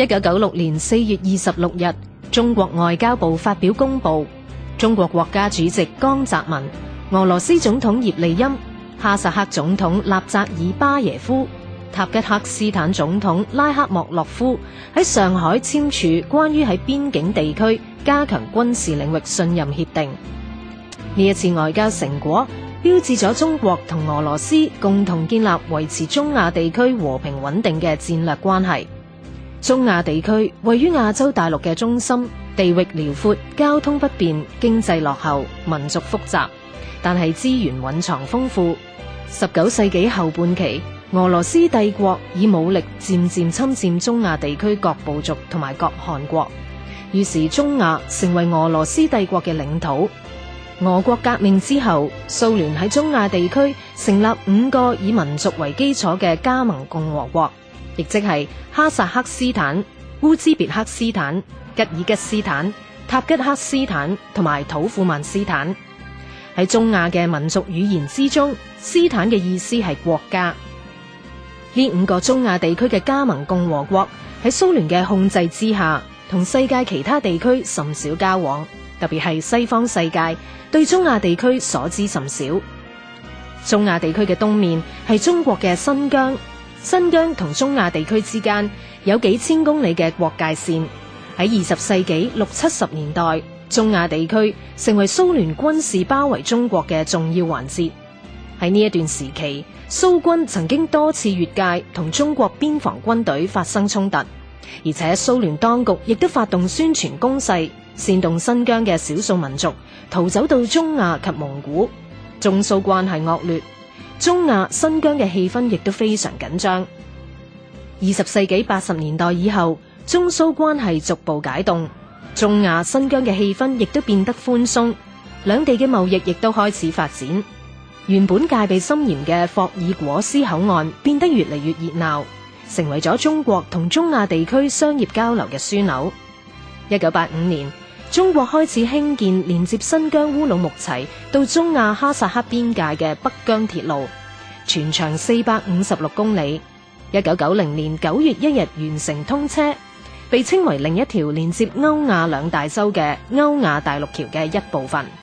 一九九六年四月二十六日，中國外交部發表公報，中國國家主席江澤民、俄羅斯總統葉利欽、哈薩克總統納扎爾巴耶夫、塔吉克斯坦總統拉赫莫洛夫喺上海簽署關於喺邊境地區加強軍事領域信任協定。呢一次外交成果，標誌咗中國同俄羅斯共同建立維持中亞地區和平穩定嘅戰略關係。中亞地區位於亞洲大陸嘅中心，地域遼闊，交通不便，經濟落後，民族複雜，但係資源蘊藏豐富。十九世紀後半期，俄羅斯帝國以武力漸漸侵佔中亞地區各部族同埋各汗國，於是中亞成為俄羅斯帝國嘅領土。俄國革命之後，蘇聯喺中亞地區成立五個以民族為基礎嘅加盟共和國。亦即係哈薩克斯坦、烏茲別克斯坦、吉爾吉斯坦、塔吉克斯坦同埋土庫曼斯坦。喺中亞嘅民族語言之中，斯坦嘅意思係國家。呢五個中亞地區嘅加盟共和國，喺蘇聯嘅控制之下，同世界其他地區甚少交往，特別係西方世界對中亞地區所知甚少。中亞地區嘅東面係中國嘅新疆。新疆同中亞地區之間有幾千公里嘅國界線。喺二十世紀六七十年代，中亞地區成為蘇聯軍事包圍中國嘅重要環節。喺呢一段時期，蘇軍曾經多次越界同中國邊防軍隊發生衝突，而且蘇聯當局亦都發動宣傳攻勢，煽動新疆嘅少數民族逃走到中亞及蒙古，中蘇關係惡劣。中亞新疆嘅氣氛亦都非常緊張。二十世紀八十年代以後，中蘇關係逐步解凍，中亞新疆嘅氣氛亦都變得寬鬆，兩地嘅貿易亦都開始發展。原本戒備森嚴嘅霍爾果斯口岸變得越嚟越熱鬧，成為咗中國同中亞地區商業交流嘅樞紐。一九八五年，中國開始興建連接新疆烏魯木齊到中亞哈薩克邊界嘅北疆鐵路，全長四百五十六公里，一九九零年九月一日完成通車，被稱為另一條連接歐亞兩大洲嘅歐亞大陸橋嘅一部分。